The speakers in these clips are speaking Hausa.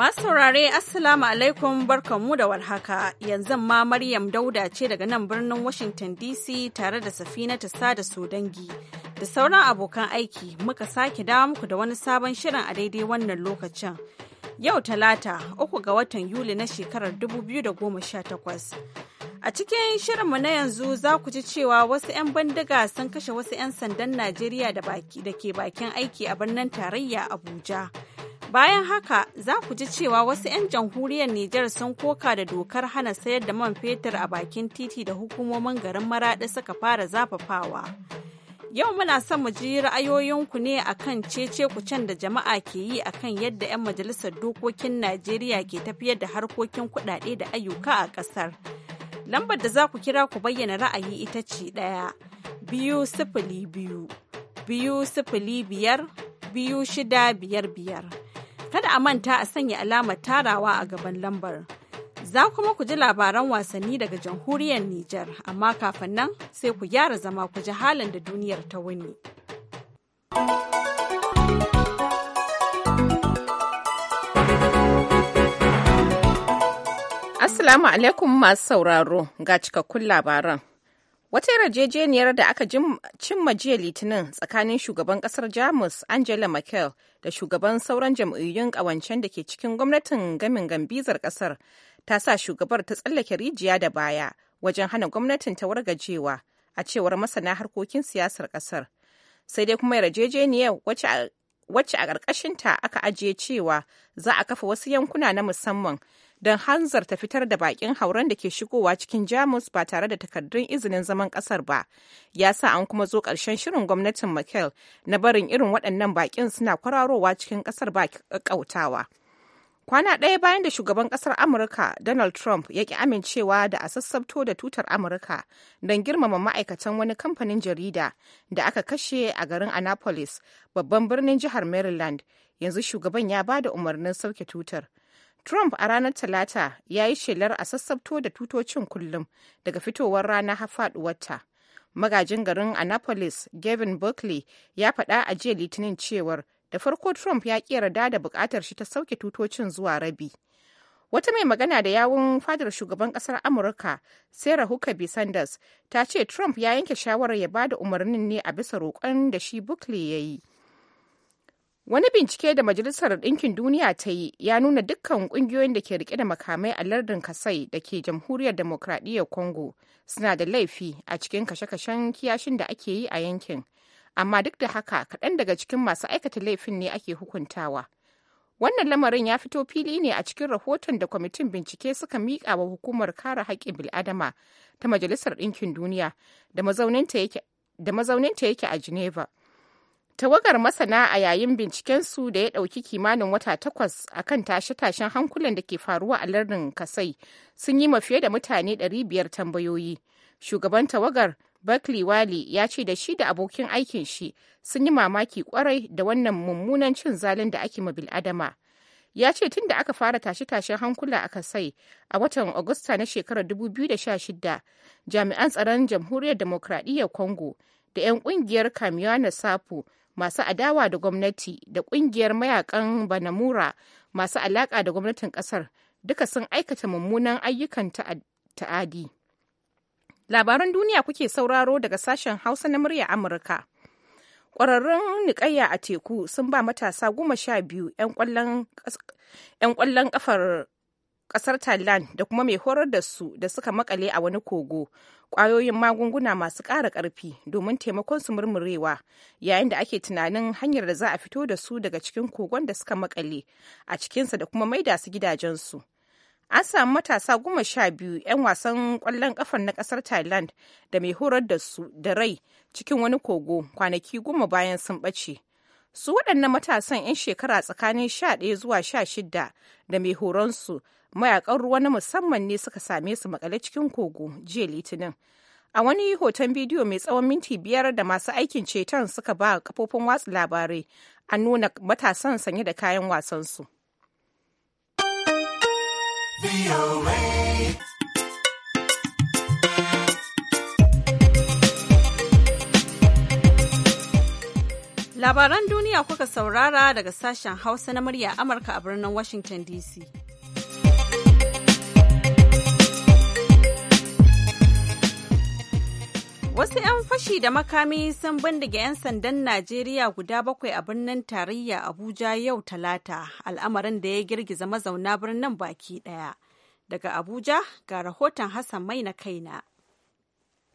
Masu saurare Assalamu alaikum barkanmu da warhaka yanzu ma Maryam Dauda ce daga nan birnin Washington DC tare da safina ta sada dangi da sauran abokan aiki muka sake dawo muku da wani sabon shirin a daidai wannan lokacin. Yau talata uku ga watan Yuli na shekarar 2018. A cikin shirinmu na yanzu za ku ji cewa wasu 'yan bandiga sun kashe wasu 'yan sandan Najeriya da ke bakin aiki a birnin tarayya Abuja. Bayan haka za ku ji cewa wasu 'yan jamhuriyar Nijar sun koka da dokar hana sayar da man fetur a bakin titi da hukumomin garin Maraɗi suka fara zafafawa. Yau muna son mu ji ra'ayoyinku ne akan cece kucen da jama'a ke yi a kan yadda 'yan majalisar dokokin Najeriya ke tafiyar da harkokin kuɗaɗe da ayyuka a ƙasar. Lambar da za ku kira ku bayyana ra'ayi ita ce ɗaya biyu sifili biyu biyu sifili biyar biyu shida biyar biyar. Kada a manta a sanya alamar tarawa a gaban lambar. Za kuma ku ji labaran wasanni daga jamhuriyar Nijar, amma kafin nan sai ku gyara zama ku ji halin da duniyar ta wuni. Assalamu alaikum masu sauraro ga cikakkun labaran. Wata yarjejeniyar da aka cimma jiya Litinin tsakanin shugaban kasar Jamus Angela Merkel da shugaban sauran jam'iyyun ƙawancen da ke cikin gwamnatin gamin gambizar kasar ta sa shugabar ta tsallake rijiya da baya wajen hana gwamnatin ta wargajewa a cewar masana harkokin siyasar kasar. Sai dai kuma yarjejeniyar wacce a ƙarƙashinta aka ajiye cewa za a kafa wasu yankuna na musamman don ta fitar da bakin hauren da ke shigowa cikin Jamus ba tare da takardun izinin zaman kasar ba. Ya sa an kuma zo ƙarshen shirin gwamnatin mikel na barin irin waɗannan bakin suna kwararowa cikin kasar ba ƙautawa. Kwana ɗaya bayan da shugaban ƙasar Amurka Donald Trump ya ki amincewa da a sassabto da tutar Amurka don girmama ma'aikatan wani kamfanin jarida da aka kashe a garin Annapolis, babban birnin jihar Maryland, yanzu shugaban ya ba da umarnin sauke tutar. Trump a ranar Talata ya yi shelar a sassabto da tutocin kullum daga fitowar rana hafaduwarta Magajin garin Annapolis, Gavin Buckley, ya faɗa a jiya Litinin cewar da farko Trump ya ƙera yarda da buƙatar shi ta sauke tutocin zuwa rabi. Wata mai magana da yawun fadar shugaban ƙasar Amurka, Sarah Huckabee Sanders, ta ce Trump ya yanke shawarar ya ba da umarnin ne a bisa roƙon da shi Buckley ya yi. Wani bincike da Majalisar Ɗinkin Duniya ta yi ya nuna dukkan ƙungiyoyin da ke rike da makamai a lardin Kasai da ke Jamhuriyar Demokradiyyar Congo suna da laifi a cikin kashe-kashen kiyashin da ake yi a yankin. Amma duk da haka kaɗan daga cikin masu aikata laifin ne ake hukuntawa. Wannan lamarin ya fito fili ne a cikin rahoton da kwamitin bincike suka miƙa wa hukumar kare haƙƙin bil'adama ta Majalisar Ɗinkin Duniya da mazauninta yake a Geneva. tawagar masana a yayin binciken su da ya ɗauki kimanin wata takwas a kan tashe-tashen hankulan da ke faruwa a lardin kasai sun yi mafiye da mutane 500 tambayoyi shugaban tawagar berkeley wali ya ce da shi da abokin aikin shi sun yi mamaki kwarai da wannan mummunan cin zalin da ake ma bil'adama ya ce tun da aka fara tashe-tashen hankula a kasai a watan agusta na shekarar 2016 jami'an tsaron jamhuriyar demokradiyyar congo da 'yan kungiyar kamiana sapo masu adawa da gwamnati da kungiyar mayakan banamura masu alaka da gwamnatin kasar duka sun aikata mummunan ayyukan ta'adi labaran duniya kuke sauraro daga sashen hausa na murya amurka kwararrun niƙayya a teku sun ba matasa goma sha biyu 'yan ƙwallon ƙafar kasar thailand da kuma mai horar da su da suka makale a wani kogo kwayoyin magunguna masu ƙara ƙarfi domin taimakon su murmurewa yayin da ake tunanin hanyar da za a fito da su daga cikin kogon da suka makale a cikinsa da kuma maida su gidajensu an samu matasa goma sha biyu 'yan wasan ƙwallon ƙafar na ƙasar thailand da mai horar da su da rai cikin wani kogo kwanaki goma bayan sun ɓace su waɗannan matasan 'yan shekara tsakanin sha ɗaya zuwa sha 16 da mai horonsu mayakan ruwa na musamman ne suka same su makale cikin kogo jiya litinin a wani hoton bidiyo mai tsawon minti biyar da masu aikin ceton suka ba kafofin watsa labarai a nuna matasan sanye da kayan wasansu Labaran duniya kuka saurara daga sashen Hausa na murya Amurka a birnin Washington DC. Wasu 'yan fashi da makami sun bindiga 'yan sandan Najeriya guda bakwai a birnin tarayya Abuja yau Talata, al'amarin da ya girgiza mazauna birnin baki ɗaya. Daga Abuja ga rahoton Hassan Mai na kaina.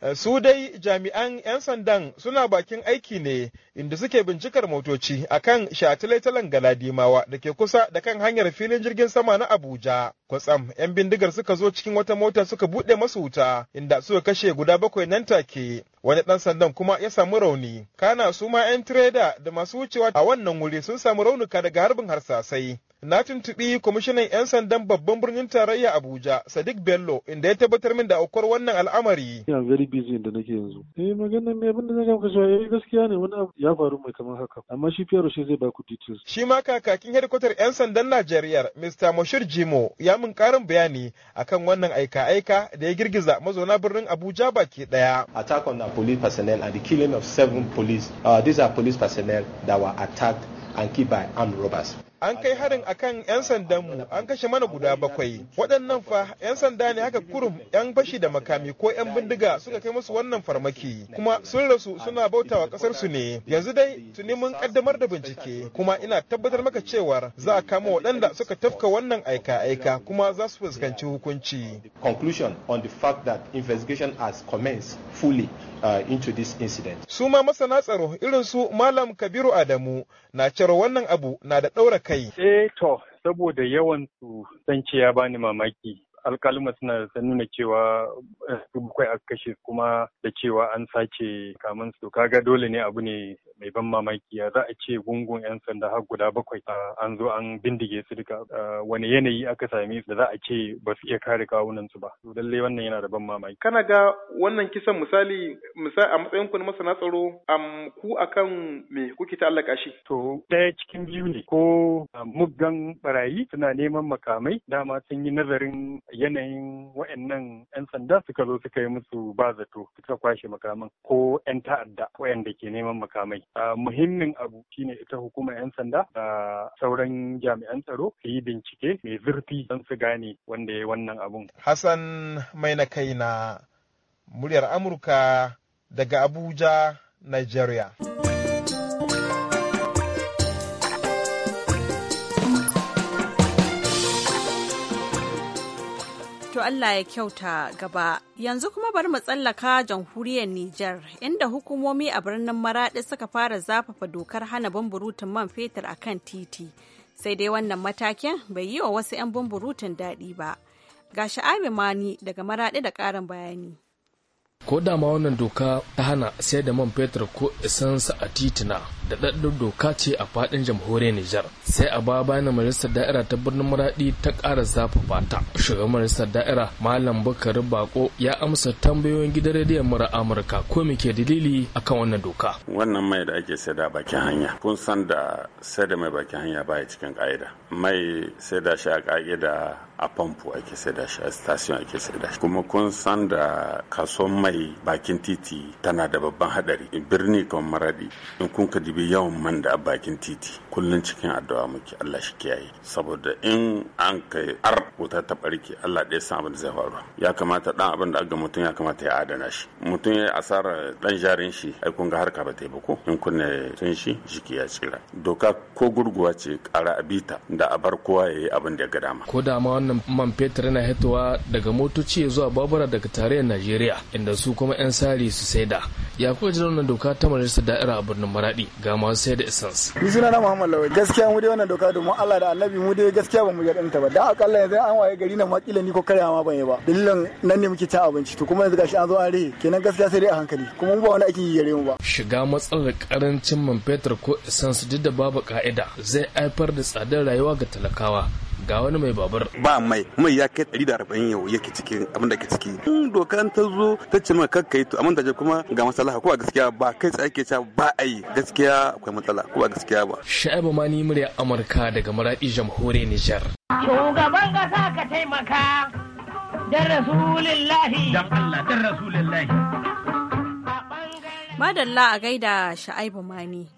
Eh, su dai jami'an 'yan sandan suna bakin aiki ne inda suke bincikar motoci a kan shatilaitalan galadimawa da ke kusa da kan hanyar filin jirgin sama na abuja kwatsam 'yan bindigar suka zo cikin wata mota suka buɗe masu wuta inda suka kashe guda bakwai nan take wani ɗan sandan kuma ya samu rauni kana su ma 'yan tireda da masu wucewa a wannan wuri sun samu raunuka daga harbin harsasai na tuntuɓi kwamishinan 'yan sandan babban birnin tarayya Abuja, Sadiq Bello, inda ya tabbatar min da aukuwar wannan al'amari. Ina very busy inda nake yanzu. Eh magana mai abin da na gamka ya eh gaskiya ne wani abu ya faru mai kamar haka. Amma shi Fiyaro shi zai baku details. Shi ma kakakin hedikwatar 'yan sandan Najeriya, Mr. Moshir Jimo, ya min karin bayani akan wannan aika-aika da ya girgiza mazauna birnin Abuja baki ɗaya. Attack on the police personnel and the killing of seven police. Uh, these are police personnel that were attacked and killed by armed robbers. an kai harin akan 'yan sandanmu an kashe mana guda bakwai waɗannan fa 'yan sanda ne haka kurum 'yan bashi da makami ko 'yan bindiga suka kai musu wannan farmaki kuma sun rasu suna bautawa ƙasar su ne yanzu dai tuni mun kaddamar da bincike kuma ina tabbatar maka cewar za a kama waɗanda suka tafka wannan aika-aika kuma za su fuskanci hukunci conclusion on the fact that investigation has commenced fully uh, into this incident su ma masana tsaro irin su malam kabiru adamu na cewa wannan abu na da ɗaura kai? Eh to, saboda yawan su zance ya bani mamaki alkaluma suna nuna cewa eh, su bakwai aka kashe kuma da cewa an sace kamun su kaga dole ne abu ne mai ban mamaki ya za a ce gungun yan sanda har guda bakwai an zo an bindige su duka wani yanayi aka same da za a ce ba su iya kare kawunan su ba to lalle wannan yana da ban mamaki kana ga wannan kisan misali misali a matsayin ku na masana tsaro am ku akan me kuke ta'allaka shi to daya cikin biyu ne ko muggan barayi suna neman makamai dama sun yi nazarin yanayin wa'annan 'yan sanda suka zo suka yi musu ba zato suka kwashe makaman ko 'yan ta'adda wa'anda ke neman makamai. Muhimmin abu shine ita hukumar 'yan sanda da sauran jami'an tsaro su yi bincike mai zurfi don su gane wanda ya wannan abun. Hassan mai na kai na muryar Amurka daga Abuja, Nigeria. Allah ya kyauta gaba. Yanzu kuma bari mu tsallaka jamhuriyar Nijar, inda hukumomi a birnin Maraɗi suka fara zafafa dokar hana bumburutun man fetur a kan titi. Sai dai wannan matakin bai yi wa wasu 'yan bumburutun daɗi ba. Ga sha'abi mani daga Maraɗi da ƙarin bayani. ko da ma wannan doka ta hana sai da man fetur ko isansa a titina da daddar doka ce a faɗin jamhuriyar Nijar sai a ba bayan majalisar da'ira ta birnin Maradi ta ƙara zafi fata shugaban majalisar da'ira Malam Bukari Bako ya amsa tambayoyin gidan rediyon mura Amurka ko me ke dalili akan wannan doka wannan mai da ake saida bakin hanya kun san da saida mai bakin hanya baya cikin ƙa'ida. mai saida shi a ƙa'ida a famfo ake da shi a station ake da shi kuma kun san da kasuwan mai bakin titi tana da babban hadari birni kamar maradi in kun ka dibi yawan man da a bakin titi Kullum cikin addu'a muke Allah shi kiyaye saboda in an kai ar wuta ta barke Allah ɗaya san abin da zai faru ya kamata dan abin da aga mutum ya kamata ya adana shi mutum ya asara dan jarin shi ai kun ga harka ba ta yi ba ko in ne tun shi jiki ya tsira doka ko gurguwa ce kara abita da a bar kowa ya yi abin da ya ga dama ko da ma wannan man fetur yana hitowa daga motoci zuwa babura daga tarayyar najeriya inda su kuma 'yan sari su saida ya kuka ji wannan doka ta majalisar da'ira a birnin maradi ga masu sayar da essence ni suna na muhammad lawal gaskiya mu dai wannan doka domin allah da annabi mu dai gaskiya ba mu yarda ɗanta ba da akalla yanzu an waye gari na makila ni ko karya ma ban yi ba dalilan nan ne muke ta abinci to kuma yanzu gashi an zo an rehe kenan gaskiya sai dai a hankali kuma mu ba wani ake yi gare mu ba shiga matsalar karancin man fetur ko essence duk da babu ka'ida zai haifar da tsadar rayuwa ga talakawa ga wani mai babur ba mai mai ya kai da arba'in yau yake cikin abin da ke ciki in dokan ta zo ta ce maka kakkai to amma ta kuma ga matsala ko gaskiya ba kai tsaye ke ca ba a yi gaskiya akwai matsala ko gaskiya ba sha'ibu ni murya amurka daga maraɗi jamhuriyar nijar shugaban kasa ka taimaka da rasulillahi dan Allah dan rasulillahi madalla a gaida sha'ibu mani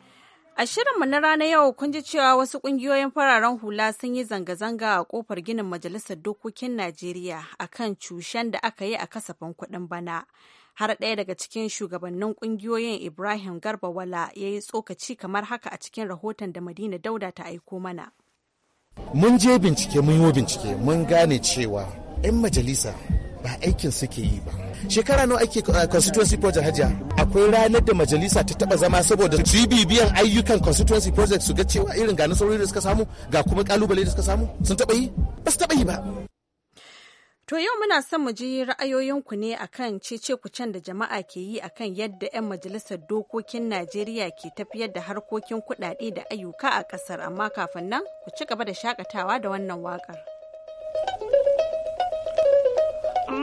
A shirinmu na rana yau kun ji cewa wasu ƙungiyoyin fararen hula sun yi zanga-zanga a ƙofar ginin Majalisar Dokokin Najeriya a kan cushen da aka yi a kasafin kuɗin bana. Har ɗaya daga cikin shugabannin ƙungiyoyin Ibrahim Garba Wala ya yi tsokaci kamar haka a cikin rahoton da Madina Dauda ta aiko mana. Mun je bincike mun yi bincike mun gane cewa 'yan majalisa ba aikin suke yi ba shekara nawa ake uh, constituency project hajiya akwai ranar da majalisa ta taba zama saboda su bibiyan ayyukan constituency project su ga cewa irin ga nasarori da suka samu ga kuma kalubale da suka samu sun taba yi ba su taba yi ba To yau muna son mu ji ra'ayoyinku ne akan cece can da jama'a ke yi akan yadda 'yan majalisar dokokin Najeriya ke tafiyar da harkokin kuɗaɗe da ayyuka a ƙasar amma kafin nan ku ci gaba da shakatawa da wannan waƙar.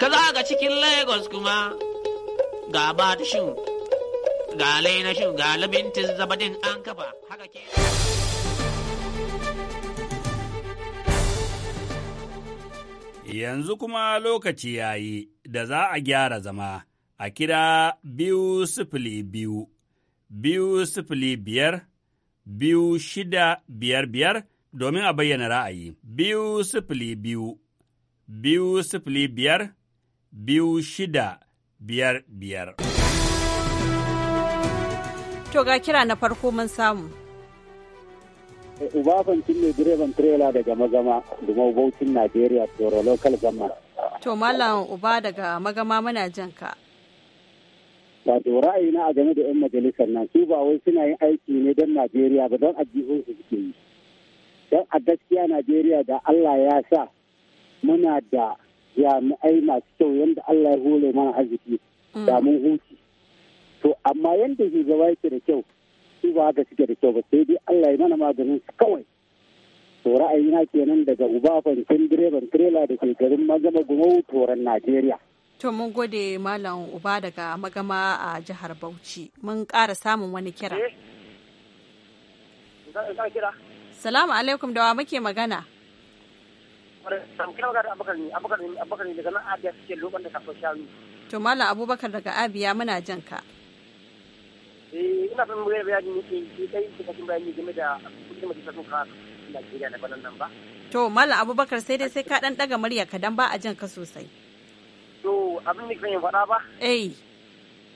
ka ga cikin lagos kuma ga shu ga Laina shu ga labintin zabadin an kafa haka ke yanzu kuma lokaci ya yi da za a gyara zama a kira biyu sifili biyu biyu sifili biyar biyu shida biyar biyar domin a bayyana ra'ayi biyu sifili biyu biyu sifili biyar biyu shida biyar biyar. To ga kira na farko mun samu. Ubabancin ne direban trela daga magama Dumau bautin Najeriya Toro Local Gama. To Malam Uba daga magama muna jan ka. Wato ra'ayina a game da 'yan majalisar nan su ba wai suna yin aiki ne don Najeriya ba don su suke yi. Don a gaskiya Najeriya da Allah ya sa muna da jami'ai masu kyau yadda Allah ya hore mana arziki mm. da mun huci to amma yadda gaba yake da kyau su ba haka suke da kyau ba sai dai Allah ya mana maganin su kawai to ra'ayina kenan daga uba fankin direban trela da ke garin magama gumau toran Najeriya to mun gode malam uba daga magama a jihar Bauchi mun ƙara samun wani kira eh. Salamu alaikum da wa muke magana. to malam abubakar daga abiya muna jan ka. eh ina to malam abubakar sai dai sai ka dan daga murya ka dan ba a jan ka sosai. to abin da kake faɗa ba. eh.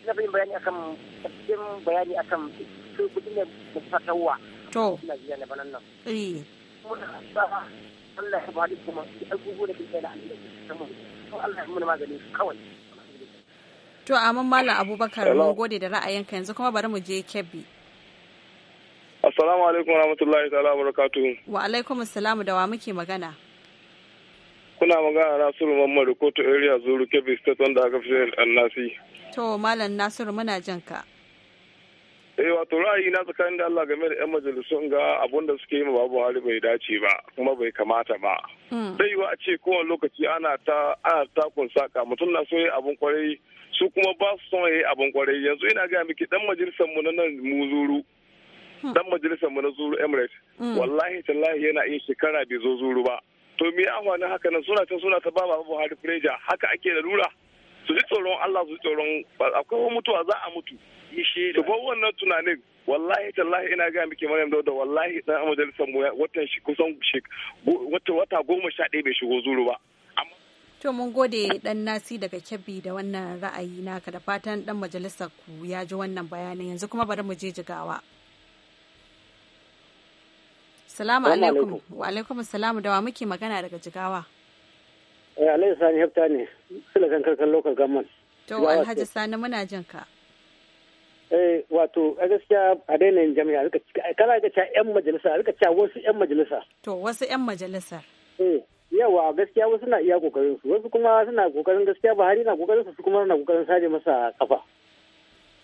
ina son bayani akan cikakken bayani akan kudin da ta kawo. to. Najeriya nan. Eh. Allah ya bada kuma abubuwan da da to Allah ya muna magani kawai to amma Abubakar mun gode da ra'ayinka yanzu kuma bari mu je Kebbi Assalamu alaikum warahmatullahi ta'ala barakatuhu wa alaikum assalamu da wa muke magana kuna magana Nasiru Mamman Rukoto area Zuru Kebbi state wanda aka fi Nasi to Malam Nasiru muna jinka eh wato ra'ayi na tsakanin da Allah game da 'yan majalisun ga abun da suke yi ma babu hali bai dace ba kuma bai kamata ba hmm. zai yiwa a ce kowane lokaci ana ta ana takun saka mutum na so yi abun kwarai su kuma ba su son yi abun kwarai yanzu ina ga miki dan majalisar mu na nan mu zuru dan hmm. majalisar mu na zuru emirates hmm. wallahi tallahi yana yin shekara bai zo zuru ba to me amfanin haka nan suna ta suna ta ba babu Buhari preja haka ake da lura su ji tsoron Allah su ji tsoron akwai mutuwa za a mutu to ba wannan tunanin wallahi tallahi ina ga miki Maryam Dauda wallahi dan majalisar mu watan shi kusan wata wata goma sha ɗaya bai shigo zuru ba to mun gode dan nasi daga kebbi da wannan ra'ayi naka da fatan dan majalisar ku ya ji wannan bayanin yanzu kuma bari mu je jigawa salamu alaikum wa alaikum salamu da wa muke magana daga jigawa eh alhaji sani hafta ne sulakan karkar local government to alhaji sani muna jin ka Eh, wato a gaskiya a daina yin jami'a kana ga cewa yan majalisa a cewa wasu yan majalisa to wasu yan majalisa eh, yawa gaskiya wasu na iya kokarin su wasu kuma suna kokarin gaskiya ba hari na kokarin su kuma na kokarin sare masa kafa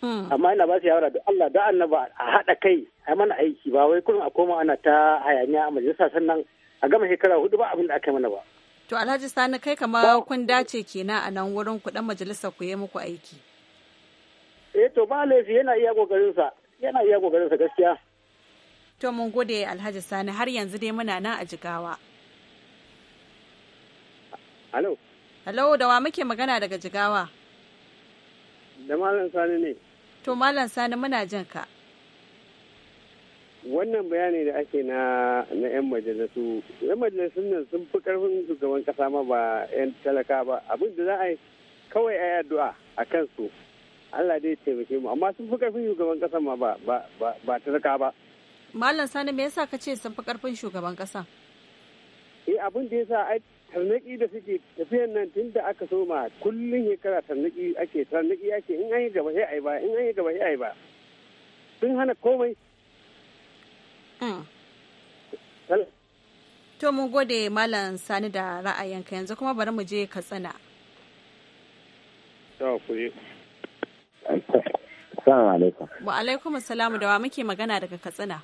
hmm. amma ina ba su yawara da Allah da annaba a haɗa kai a mana aiki ba wai kullum a koma ana ta hayaniya a majalisa sannan a gama shekara hudu ba abin da aka mana ba to Alhaji Sani kai kama kun dace kenan a nan wurin kuɗin majalisa ku yi muku aiki to ba laifi yana iya sa yana iya sa gaskiya to mun gode alhaji sani har yanzu dai muna nan a jigawa Halo. Halo, da wa muke magana daga jigawa? Da Malam Sani ne. To, Malam Sani muna jin ka. Wannan bayani da ake na na 'yan majalisu, 'yan majalisun nan sun fi karfin shugaban kasa ma ba 'yan talaka ba, abin da za a yi kawai a yi addu'a a kansu. Allah dai taimake mu amma sun fi karfin shugaban kasa ma ba ba ba zaka ba Mallam Sani me yasa ka ce sun fi karfin shugaban kasa Eh abin da yasa ai tarnaki da suke tafiyan nan tun da aka ma kullun shekara tarnaki ake tarnaki ake in an yi gaba sai ai ba in an yi gaba sai ai ba sun hana komai hmm. To mun gode Malam Sani da ra'ayinka yanzu kuma bari mu je Katsina. Ta Assalamu alaikum. Wa alaikum assalamu da wa muke magana daga Katsina.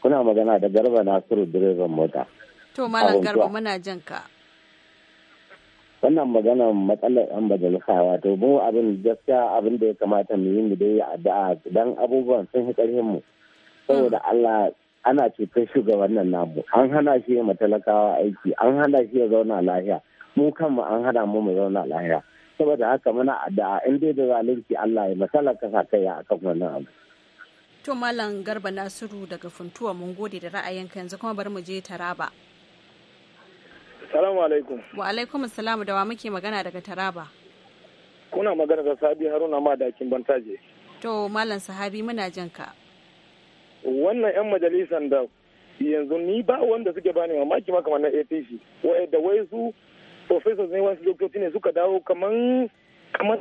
Kuna magana da Garba Nasiru direban mota. To Malam Garba muna jin ka. Wannan magana matsalar yan majalisa wato mu abin gaskiya abin da ya kamata mu yi mu dai addu'a dan abubuwan sun hi karfin mu. Saboda hmm. Allah ana cutar shugabannin namu an hana shi ya matalakawa aiki an hana shi ya zauna lahiya mu kanmu an hana mu mu zauna lahiya. saboda haka muna da in dai da zalunci Allah ya masala kasa kai a kan wannan abu to malam garba nasiru daga funtuwa mun gode da ra'ayinka yanzu kuma bari mu je taraba salamu alaikum wa alaikum assalamu da wa muke magana daga taraba kuna magana da sabi haruna ma dakin bantaje to malam sahabi muna jin ka wannan yan majalisan da yanzu ni ba wanda suke bani mamaki makamannin apc wai da wai su professors ne wasu doktoci ne suka dawo kaman kamar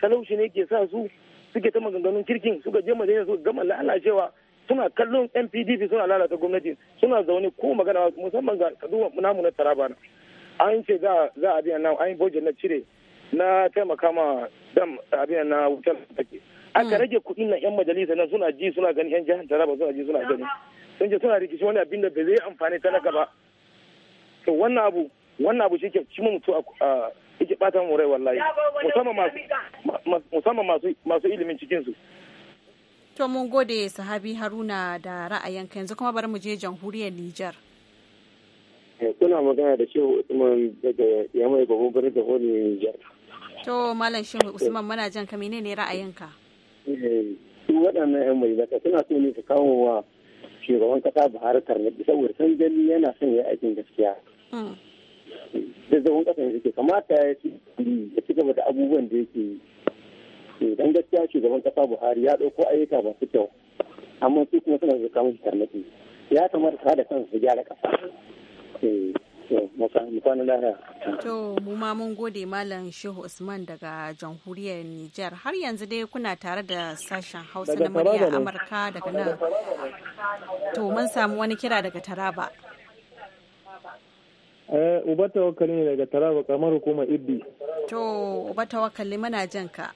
talauci ne ke sa su suke ta maganganun kirkin suka je majalisa su gama lalacewa suna kallon NPDP suna lalata gwamnati suna zaune ko magana musamman ga kaduwa namu na Taraba an ce za a biya na an yi bojin na cire na taimaka ma dam abin na wutar lantarki aka hmm. rage kuɗi na yan majalisa nan suna ji suna gani yan jihar Taraba suna ji suna gani sun ce suna rikici wani abin da bai zai amfani talaka ba to wannan abu wannan abu shi ke mu mutu a yake ɓata mu rai wallahi musamman masu ilimin cikin su to mun gode sahabi haruna da ra'ayinka yanzu kuma bari mu je jamhuriyar Nijar. Eh, kuna magana da shehu usman daga yamai babu birnin da wani Nijar. to malam shehu usman mana jan ka ne ra'ayin ra'ayinka eh, su waɗannan yan mai zaka suna so ne su kawo wa shugaban kasa buhari karni saboda san gani yana son ya aikin gaskiya hmm. zazzabin kasa ne ke kamata ya ci gaba da abubuwan da yake yi dan gaskiya shugaban kasa buhari ya ɗauko ayyuka masu kyau amma su kuma suna zuka mashi tarnaki ya kamata ka da kan su gyara kasa eh, To mu ma mun gode Malam Shehu Usman daga jamhuriyar Nijar har yanzu dai kuna tare da sashen Hausa na murya Amurka daga nan. To mun samu wani kira daga Taraba. Eh, uba tawakkali ne daga Taraba kamar hukumar Ibbi. To, uba tawakkali mana jan ka.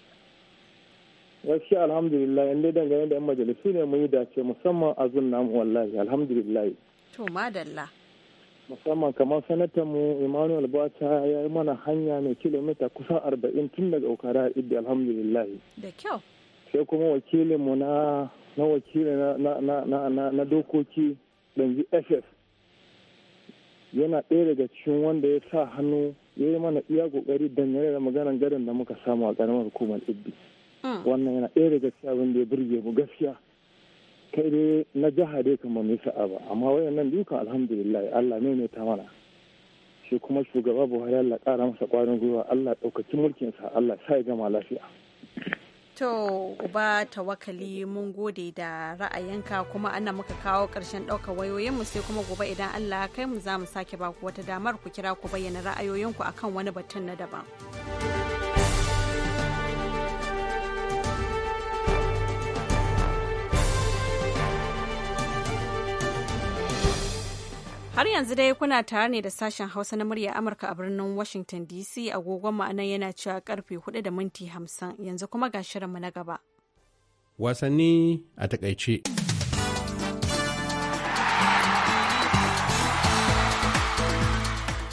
Gaskiya alhamdulillah, inda dangane da 'yan majalisu ne mun yi dace musamman a zun namu wallahi, alhamdulillah. To, madalla. Musamman kamar sanatan mu Emmanuel Bata ya yi mana hanya mai kilomita kusan arba'in tun daga Okara Ibbi alhamdulillah. Da kyau. Sai kuma wakilinmu na na wakili na dokoki Danji FF yana ɗaya daga cikin wanda ya sa hannu ya yi mana iya ƙoƙari dangane da maganar garin da muka samu a ƙaramar hukumar ibbi hmm. wannan yana ɗaya daga cikin abin da ya burge mu gaskiya kai dai na jiha dai kamar mai sa'a ba amma nan dukan alhamdulillah allah ne ta mana shi kuma shugaba buhari allah ƙara masa ƙwarin gwiwa allah ɗaukaki mulkinsa allah sa ya gama lafiya To uba tawakali mun gode da ra'ayinka kuma ana muka kawo ƙarshen ɗaukar wayoyinmu sai kuma gobe idan Allah kai mu za mu sake baku wata damar ku kira ku bayyana ra'ayoyinku akan wani batun na daban. Har yanzu dai kuna tare ne da sashen Hausa na murya Amurka a birnin Washington DC agogon ma'anar yana cewa karfe 4 da minti 50 yanzu kuma ga shirinmu na gaba. Wasanni a takaice.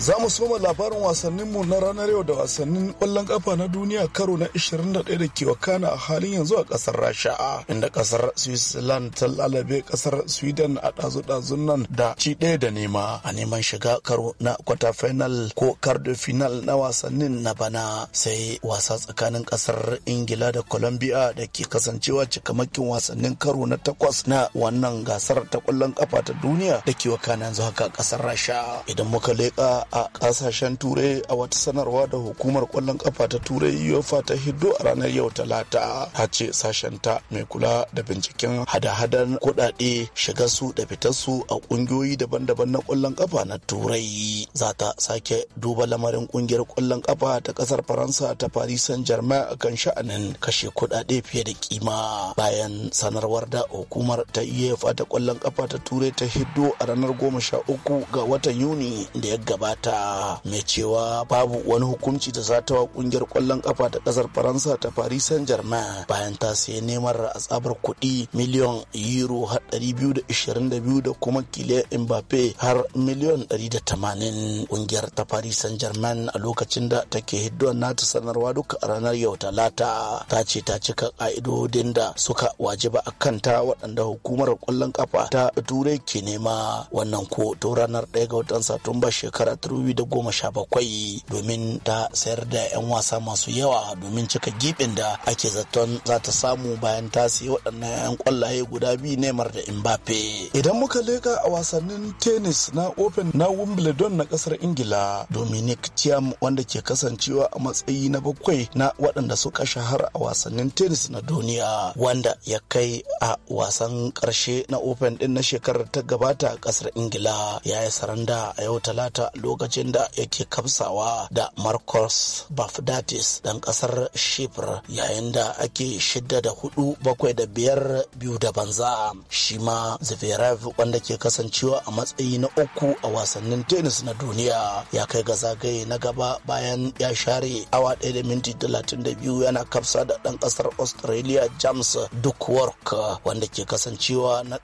Za mu soma labarin wasanninmu na ranar yau da wasannin kwallon kafa na duniya karo na 21 da ke wakana a halin yanzu a kasar Rasha, inda kasar Switzerland ta lalabe kasar Sweden a ɗazu dazun nan da ci ɗaya da nema a neman shiga karo na kwata final ko kardo final na wasannin na bana sai wasa tsakanin kasar Ingila da Colombia da ke kasancewa cikamakin wasannin karo na takwas na wannan gasar ta kwallon kafa ta duniya da ke wakana yanzu haka kasar Rasha. Idan muka leƙa a kasashen turai a wata sanarwa da hukumar kwallon kafa ta turai uefa ta hiddo a ranar yau talata ta ce sashen ta mai kula da binciken hada-hadan kuɗaɗe shiga su da fitar su a ƙungiyoyi daban-daban na kwallon kafa na turai za ta sake duba lamarin ƙungiyar kwallon kafa ta ƙasar faransa ta paris saint germain kan sha'anin kashe kuɗaɗe fiye da kima bayan sanarwar da hukumar ta uefa ta kwallon kafa ta turai ta hiddo a ranar goma sha uku ga watan yuni da ya gabata ta mai cewa babu wani hukunci da za ta wa kungiyar kwallon kafa ta kasar faransa ta paris saint germain bayan ta sayi neman a tsabar kuɗi miliyon euro har 222 da kuma kile mbappe har miliyon 180 kungiyar ta paris saint germain a lokacin da take hidduwar nata sanarwa duka a ranar yau talata ta ce ta cika ka'idodin da suka wajiba a kanta waɗanda hukumar kwallon kafa ta turai ke nema wannan ko to ranar ɗaya ga watan satumba shekara 2017 domin ta sayar da 'yan wasa masu yawa domin cika gibin da ake zaton za ta samu bayan ta sayi waɗannan 'yan kwallaye guda biyu Neymar da Mbappe. Idan muka leka a wasannin tennis na Open na Wimbledon na ƙasar Ingila, Dominic Thiam wanda ke kasancewa a matsayi na bakwai na waɗanda suka shahara a wasannin tennis na duniya wanda ya kai a wasan ƙarshe na Open ɗin na shekarar ta gabata a ƙasar Ingila ya yi saranda a yau talata lokacin lokacin da yake kamsawa da marcos bafdatis dan kasar shifr yayin da ake shidda da hudu bakwai da biyar biyu da banza shi ma zverev wanda ke kasancewa a matsayi na uku a wasannin tennis na duniya ya kai ga zagaye na gaba bayan ya share awa ɗaya da minti talatin da biyu yana kamsa da ɗan ƙasar australia james duckworth wanda ke kasancewa na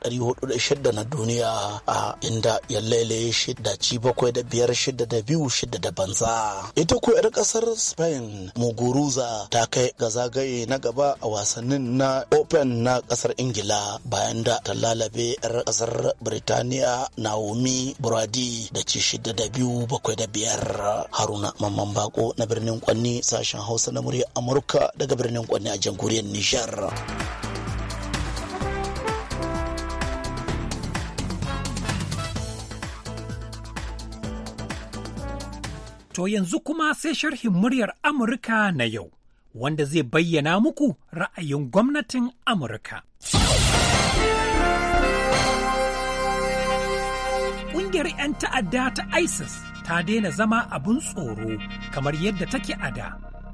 da shidda na duniya a inda ya lailaye shi da ci bakwai da biyar shida da biyu shida da banza ita ko 'yar kasar spain muguruza ta kai ga zagaye na gaba a wasannin na open na kasar ingila bayan da ta lalabe 'yar kasar birtaniya naomi buradi da ci shida da biyu bakwai da biyar haruna mamman bako na birnin kwanni sashen hausa na murya amurka daga birnin kwanni a jamhuriyar nijar To yanzu kuma sai sharhin muryar Amurka na yau, wanda zai bayyana muku ra'ayin gwamnatin Amurka. Ƙungiyar 'yan ta'adda ta ISIS ta daina zama abin tsoro kamar yadda take a da.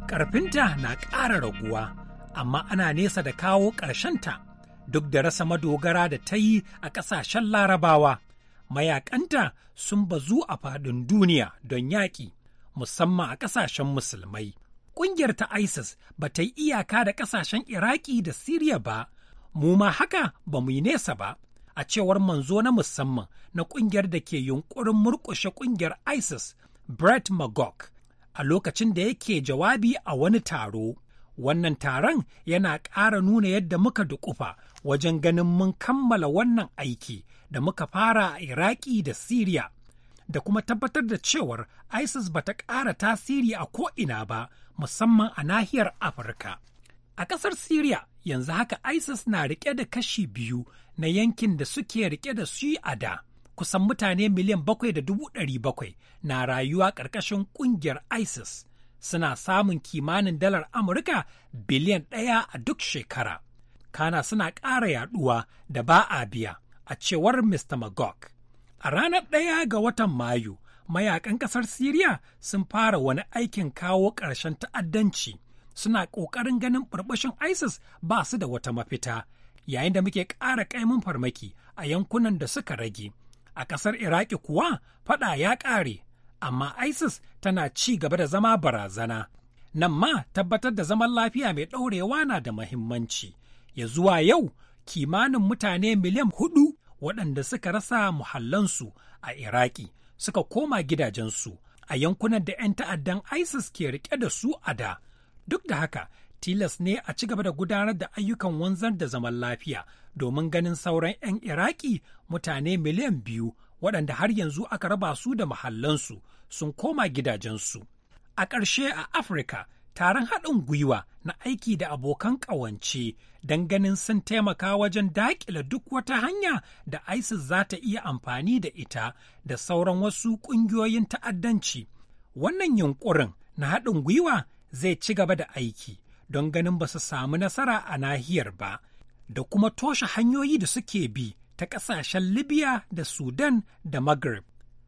Ƙarfinta na ƙara raguwa, amma ana nesa da kawo ƙarshenta duk da rasa madogara da ta yi a ƙasashen larabawa. Mayakanta sun bazu a faɗin duniya don yaƙi. musamman a ƙasashen musulmai. Ƙungiyar ta ISIS ba ta yi iyaka da ƙasashen Iraki da Siriya ba, mu ma haka ba mu yi nesa ba. A cewar manzo na musamman na ƙungiyar da ke yunƙurin murƙushe ƙungiyar ISIS, Brett Magog, a lokacin da yake jawabi a wani taro. Wannan taron yana ƙara nuna yadda muka dukufa wajen ganin mun kammala wannan aiki da muka fara a Iraki da Siriya da kuma tabbatar da cewar isis ba ta ƙara tasiri a ko'ina ba musamman a nahiyar afirka a ƙasar siriya yanzu haka isis na riƙe da kashi biyu na yankin da suke riƙe da su a da kusan mutane miliyan bakwai da dubu ɗari bakwai na rayuwa ƙarƙashin ƙungiyar isis suna samun kimanin dalar amurka biliyan ɗaya a duk shekara kana suna ƙara yaɗuwa da ba a biya a cewar mr magog A ranar ɗaya ga watan Mayu, mayakan ƙasar Siriya sun fara wani aikin kawo ƙarshen ta'addanci. Suna ƙoƙarin ganin ɓurɓushin ISIS ba su da wata mafita, yayin da muke ƙara ƙaimin farmaki a yankunan da suka rage. A ƙasar Iraki kuwa faɗa ya ƙare, amma ISIS tana ci gaba da zama barazana. Nan ma tabbatar da zaman lafiya mai ɗaurewa na da mahimmanci. Ya zuwa yau, kimanin mutane miliyan hudu waɗanda suka rasa muhallansu a Iraki suka koma gidajensu a yankunan da 'yan ta'addan ISIS ke rike da su a da. Duk da haka, tilas ne a ci gaba da gudanar da ayyukan wanzar da zaman lafiya domin ganin sauran 'yan Iraki mutane miliyan biyu waɗanda har yanzu aka raba su da muhallansu sun koma gidajensu. A ƙarshe a Afirka, taron haɗin gwiwa na aiki da abokan ƙawance don ganin sun taimaka wajen daƙila duk wata hanya da ISIS za ta iya amfani da ita da sauran wasu ƙungiyoyin ta'addanci. Wannan yunƙurin na haɗin gwiwa zai ci gaba da aiki don ganin ba su samu nasara a nahiyar ba, da kuma toshe hanyoyi da suke bi ta ƙasashen Libya da Sudan da Maghreb.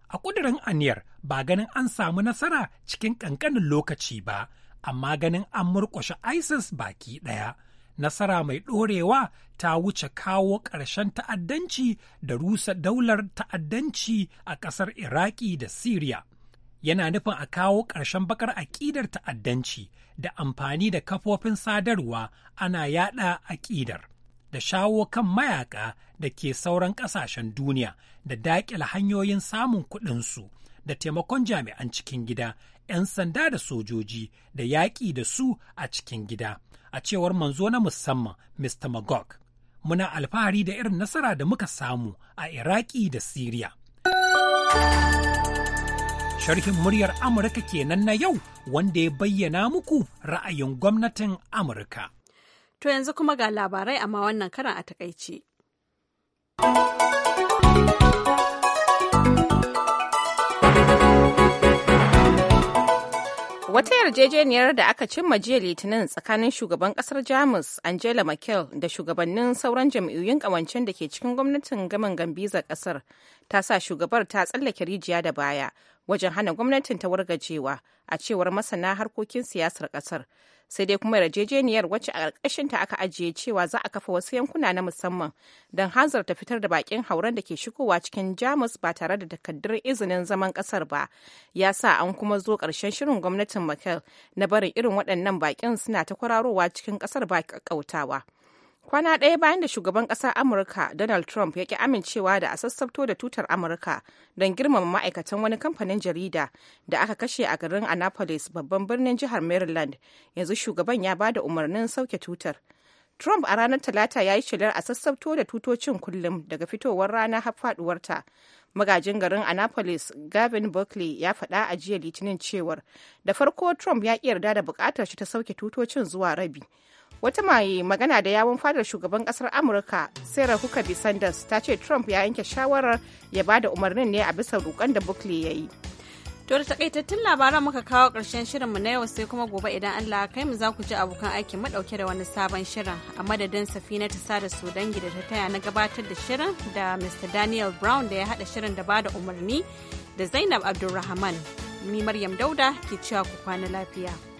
A ƙudurin aniyar ba ganin an samu nasara cikin ƙanƙanin lokaci ba. amma ganin an murƙushe isis baki ɗaya nasara mai ɗorewa ta wuce kawo ƙarshen ta'addanci da rusa daular ta'addanci a ƙasar iraki da siriya yana nufin a kawo ƙarshen bakar aƙidar ta'addanci da amfani da kafofin sadarwa ana yaɗa aƙidar da shawo kan mayaka da ke sauran ƙasashen duniya da daƙil hanyoyin samun kuɗinsu da taimakon jami'an cikin gida 'yan sanda da sojoji da yaƙi da su a cikin gida, a cewar manzo na musamman Mr. Magog. Muna alfahari da irin nasara da muka samu a Iraki da Siriya. Sharhin muryar Amurka kenan na yau wanda ya bayyana muku ra'ayin gwamnatin Amurka. To yanzu kuma ga labarai amma wannan karan a takaice. Wata yarjejeniyar da aka cimma jiya Litinin tsakanin shugaban kasar Jamus Angela Merkel da shugabannin sauran jam'iyyun kawancen da ke cikin gwamnatin gaman gambiza kasar ta sa shugabar ta tsallake rijiya da baya wajen hana gwamnatin ta wargajewa a cewar masana harkokin siyasar kasar sai dai kuma yarjejeniyar wacce a ƙarƙashinta aka ajiye cewa za a kafa wasu yankuna na musamman don hanzarta fitar da baƙin hauren da ke shigowa cikin jamus ba tare da takardar izinin zaman ƙasar ba ya sa an kuma zo ƙarshen shirin gwamnatin merkel na barin irin waɗannan baƙin suna ta kwararowa cikin ƙasar ba ƙaƙƙautawa. kwana ɗaya bayan da shugaban ƙasar amurka donald trump ya ki amincewa da a sassabto da tutar amurka don girmama ma'aikatan wani kamfanin jarida da aka kashe a garin annapolis babban birnin jihar maryland yanzu shugaban ya ba da umarnin sauke tutar trump a ranar talata ya yi shelar a sassabto da tutocin kullum daga fitowar rana har faduwarta magajin garin annapolis gavin buckley ya faɗa a jiya litinin cewar da farko trump ya ƙi yarda da buƙatar shi ta sauke tutocin zuwa rabi wata mai magana da yawon fadar shugaban kasar amurka sarah huckabee sanders ta ce trump ya yanke shawarar ya ba da umarnin ne a bisa roƙon da bukle ya yi to da takaitattun labaran muka kawo ƙarshen mu na yau sai kuma gobe idan allah kai mu za ku ji abokan aikin madauke da wani sabon shirin a madadin safina ta sada su dangi da ta taya na gabatar da shirin da mr daniel brown da ya haɗa shirin da ba da umarni da zainab abdulrahman ni maryam dauda ke cewa ku kwana lafiya